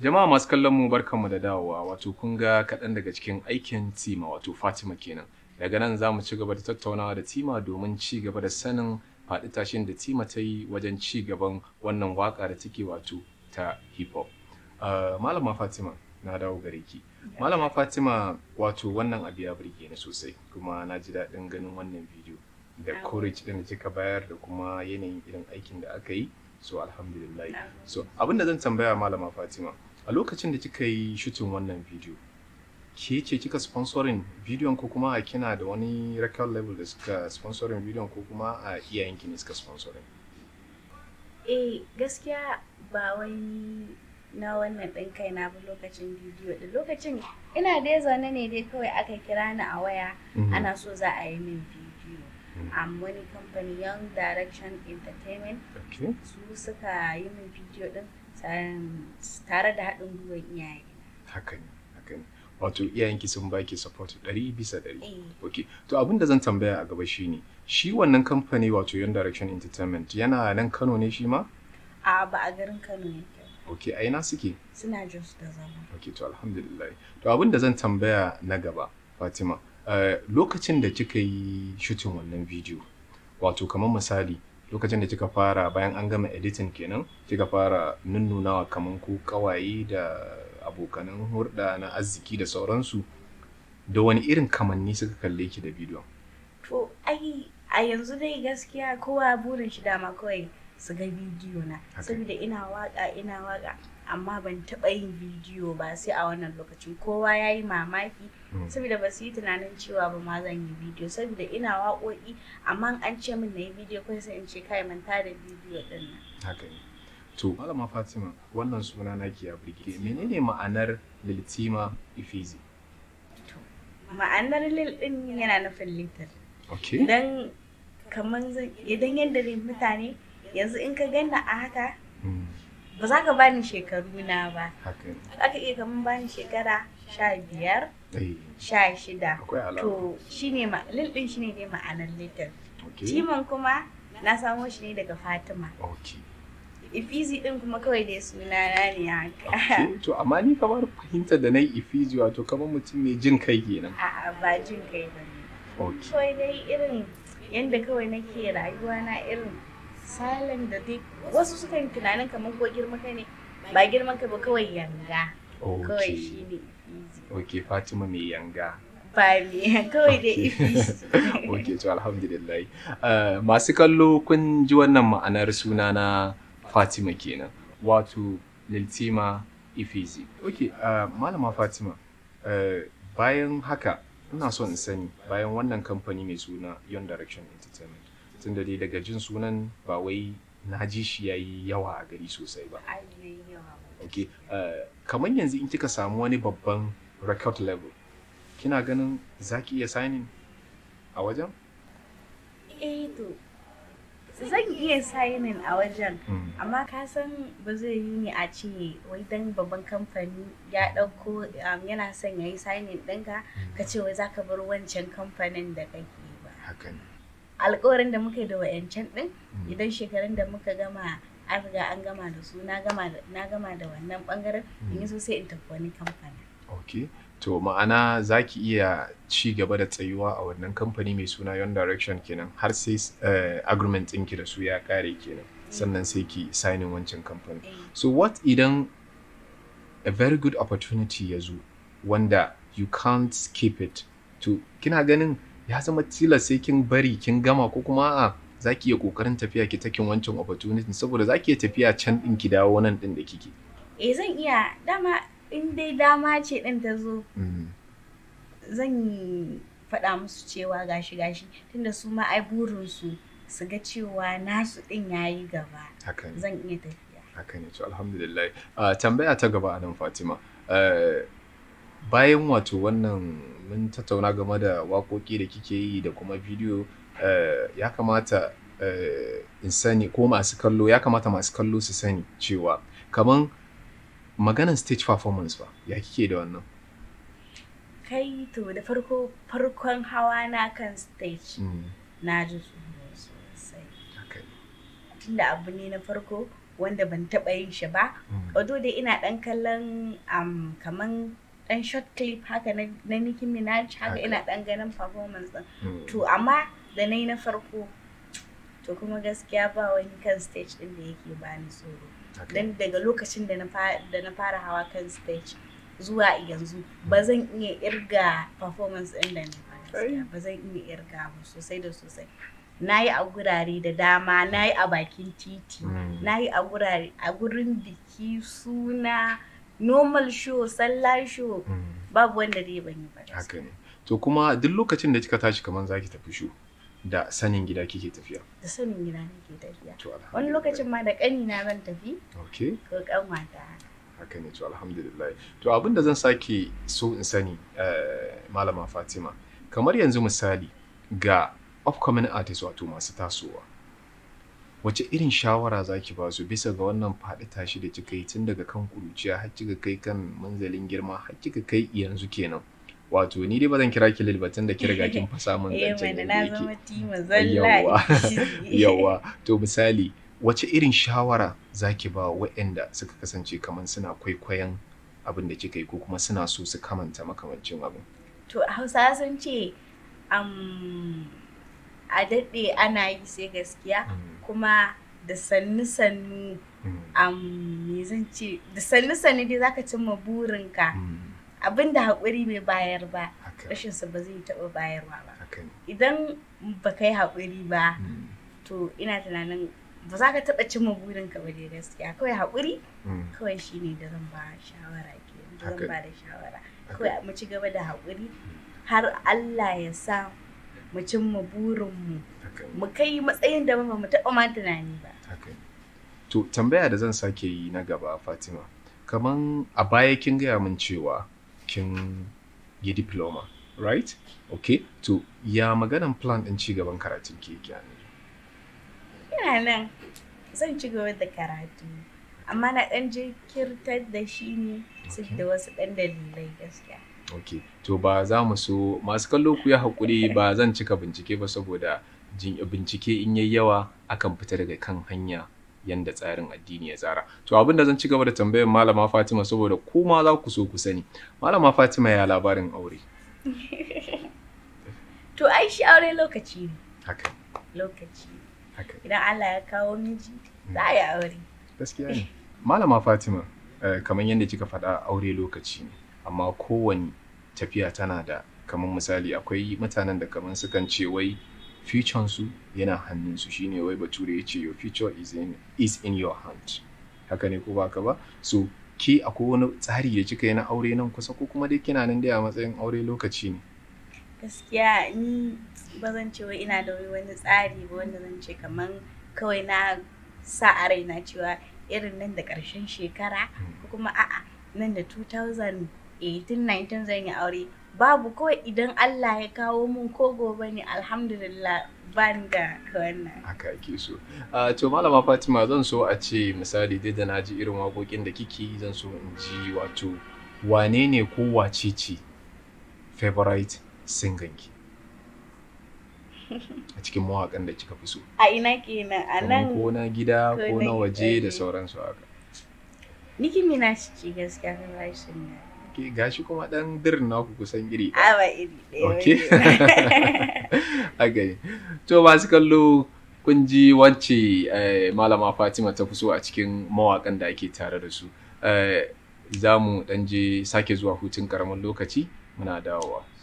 Jama'a masu kallon mu barkanmu da dawowa wato kun ga kaɗan daga cikin aikin Tima wato Fatima kenan. Daga nan za mu ci gaba da tattaunawa da Tima domin ci gaba da sanin faɗi tashin da Tima ta yi wajen ci gaban wannan waka da take wato ta hip hop. Ah, Malama Fatima na dawo gare ki. Malama Fatima wato wannan abu ya burge ni sosai kuma na ji daɗin ganin wannan bidiyo da courage din da kika bayar da kuma yanayin irin aikin da aka yi. So alhamdulillah. So abinda zan tambaya Malama Fatima. a lokacin da kika yi shutin wannan bidiyo ke ce kika sponsorin bidiyon ko kuma kina da wani record level da suka sponsorin bidiyon ko kuma a iyayenki ne suka sponsorin eh gaskiya ba wai na wannan ɗin kai na ba lokacin bidiyo da lokacin ina da zaune ne dai kawai aka kira ni a waya mhm. ana so za a yi min bidiyo mhm. am wani company young direction entertainment su suka yi min bidiyo din. tare da haɗin gwiwar iyaye haka ne haka ne wato iyayenki sun baki support ɗari bisa ɗari eh. ok to abin da zan tambaya a gaba shi ne, shi wannan kamfani wato Young direction entertainment yana nan kano ne shi ma a ba a garin kano ne. ok a ina suke suna jos da zama ok to alhamdulillah to abin da zan tambaya na gaba fatima eh, lokacin da kika yi shooting wannan bidiyo wato kamar misali lokacin da kika fara bayan an gama editin kenan kika fara nunnunawa kaman ku kawaye da abokanan hurɗa na arziki da sauransu da wani irin kamanni suka kalle ki da bidiyon to ai a yanzu dai gaskiya kowa burin shi dama kawai su ga bidiyo na saboda ina waka ina waka amma ban taba yin bidiyo ba sai a wannan lokacin kowa ya yi mamaki hmm. saboda ba su yi tunanin cewa ba ma zan yi bidiyo saboda ina waƙoƙi amma an ce min na yi bidiyo ko sai in ce kai manta da bidiyo din nan haka ne to malama fatima wannan suna naki ya burge menene ma'anar liltima ifizi ma'anar lil din yana nufin litter okay. dan zan idan ne mutane yanzu in ka ganna a haka hmm. ba za ka bani shekaru na ba aka iya kaman bani shekara sha biyar eh. sha shida to ne lilɗin din ne dai ma'anar litin timan kuma na samo shi ne daga fatima ifizi din kuma kawai dai suna na ne haka to amma ni kamar fahimta da na yi ifizi wato kamar mutum ne jin kai kenan a'a ba jin kai ba ne kawai dai irin yadda kawai nake rayuwa na irin silent da dai wasu suka yi tunanin kamar ko girman kai ne ba girman kai ba kawai yanga kawai shi ne ok fatima mai yanga ba kawai dai ok to alhamdulillah eh, masu kallo kun ji wannan ma'anar suna na fatima kenan wato liltima ifizi ok eh, malama fatima eh, bayan haka ina so in sani bayan wannan kamfani mai suna yon direction entertainment tunda dai daga jin sunan ba wai na ji shi ya yi yawa a gari sosai ba. Okay. Uh, eh, kamar yanzu in kika samu wani babban record level, kina ganin za ki iya signing a wajen? Eh to, zan iya signing a wajen, hmm. amma ka san ba zai yi ni a ce wai dan babban kamfani ya ɗauko um, yana son ya yi signing ɗinka, hmm. ka ce wai za ka bar wancan kamfanin da kake ba. Hakan. ne. alkawarin da muka yi da wayancan din mm. idan shekarun da muka gama an riga an gama da su na gama da wannan bangaren in mm. yi sosai in tafi wani kamfani ok to ma'ana za ki iya ci gaba da tsayuwa a wannan kamfani mai suna yon direction kenan har sai eh, agreement ɗinki da su ya kare kenan eh. sannan sai ki signing wancan kamfani eh. so what idan a very good opportunity ya zo wanda you can't skip it to kina ganin ya zama tilas sai kin bari kin gama ko kuma a za ki iya kokarin tafiya ki takin wancan opportunity saboda za ki iya tafiya can din ki dawo nan din da kike eh zan iya dama in dai dama ce din ta zo mm-hmm. zan faɗa musu cewa gashi gashi tunda su ma ai burin su su ga cewa nasu din yayi gaba zan iya tafiya haka ne to alhamdulillah ah, tambaya ta gaba a nan Fatima eh, bayan wato wannan mun tattauna game da waƙoƙi da kike yi da kuma bidiyo eh, ya kamata eh, in sani ko masu kallo ya kamata masu kallo su sani cewa kaman maganan stage performance ba ya kike da wannan kai to da farko farkon hawa na kan stage mm. na ji sosai tunda abu ne na farko wanda ban taɓa yin shi ba mm. although dai ina ɗan kallon um, kaman dan short clip haka na Nicki Minaj haka ina dan ganin performance din hmm. to amma da nayi na farko to kuma gaskiya ba wani kan stage din da yake bani tsoro dan daga lokacin da na fara hawa kan stage zuwa yanzu ba hmm. zan iya irga performance din da na ba zan iya irga ba sosai da sosai na yi a gurare da dama na yi a bakin titi hmm. na yi a gurin biki suna normal show sallah show hmm. babu wanda dai ban yi ba haka ne to kuma duk lokacin da kika tashi kaman zaki tafi show da sanin gida kike tafiya da sanin gida nake tafiya wani lokacin ma da kani na zan tafi okay ko mata haka ne to alhamdulillah to abin da zan sake so in sani eh, malama Fatima kamar yanzu misali ga upcoming artists wato masu tasowa wace irin shawara za ki ba su bisa ga wannan faɗi tashi da kika yi tun daga kan kuruciya har kika kai kan manzalin girma har kika kai yanzu kenan wato ni dai ba zan kira ki lilbatin da ki riga kin fasa min eh, zancen da yake yawa yawa to misali wace irin shawara za ki ba waɗanda suka kasance kamar suna kwaikwayon abin da kika yi ko kuma suna so su kamanta makamancin abin to a hausa sun ce um, a daɗe ana yi sai gaskiya mm. kuma da sannu-sannu mm. me zan ce da sannu-sannu dai zaka cimma burinka mm. abin da haƙuri bai bayar ba rashin sa ba zai taɓa bayarwa ba idan ba kai haƙuri ba to ina tunanin ba za ka taɓa cimma burinka ba dai gaskiya kawai haƙuri kawai shine da zan ba shawara ke zan ba da shawara kawai mu ci gaba da haƙuri har Allah ya sa mu cimma burinmu mu kai matsayin da ba mu taɓa ma tunani ba to tambaya da zan sake yi na gaba fatima kaman a baya kin gaya min cewa kin yi diploma right okay to ya maganan plan ɗin ci gaban karatun ke ne ina nan zan ci gaba da karatu amma na ɗan jirkirtar da shi ne da wasu ɗan dalilai gaskiya ok to ba za mu so masu kallo ku ya haƙuri ba zan cika bincike ba saboda bincike in yai yawa akan fita daga kan hanya yanda tsarin addini ya tsara to abin da zan ci gaba da tambayar malama fatima saboda ku ma za ku so ku sani malama fatima ya labarin aure to ai shi aure lokaci ne haka lokaci idan Allah ya kawo miji hmm. za a yi aure gaskiya ne malama fatima eh, kamar yadda kika faɗa aure lokaci ne amma kowane tafiya tana da kaman misali akwai mutanen da kamar sukan ce wai future su yana hannunsu shine wai bature ya ce your future is in, is in your hand haka ne ko baka ba so ke akwai wani tsari da kika yi na aure nan kusa ko kuma dai kina nan dai a matsayin aure lokaci ne gaskiya ni ba zan ce wai ina da wani tsari ba wanda zan ce kamar kawai na sa a raina cewa irin nan da ƙarshen shekara hmm. ko kuma a'a nan da 2000 18 19 zan yi aure babu kawai idan Allah ya kawo mun ko gobe ne alhamdulillah ban da wannan haka ake so ah, to malama Fatima zan so a ce misali dai da naji irin waƙoƙin da kike zan so in ji wato wane ne ko wace ce favorite singer ki a cikin mawaƙan da kika fi so a ina kenan a nan ko na gida ko na waje da sauransu haka Nicki Minaj ce gaskiya favorite singer okay. gashi kuma dan dirin ku kusan iri a ba iri ɗaya to masu kallo kun ji wacce eh, malama fatima ta so a cikin mawakan da ake tare da su eh, za mu ɗan je sake zuwa hutun karamin lokaci muna dawowa